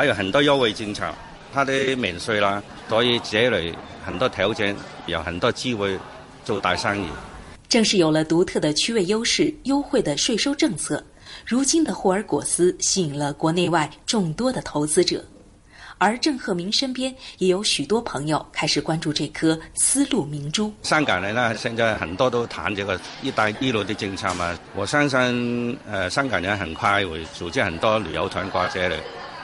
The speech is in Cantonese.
還有很多優惠政策，它的免稅啦，所以這裏很多條件有很多機會做大生意。正是有了獨特的區位優勢，優惠的稅收政策，如今的霍爾果斯吸引了國內外眾多的投資者。而鄭赫明身邊也有許多朋友開始關注這顆絲路明珠。香港人呢，現在很多都談這個一帶一路的政策嘛，我相信呃香港人很快會組織很多旅遊團過嚟。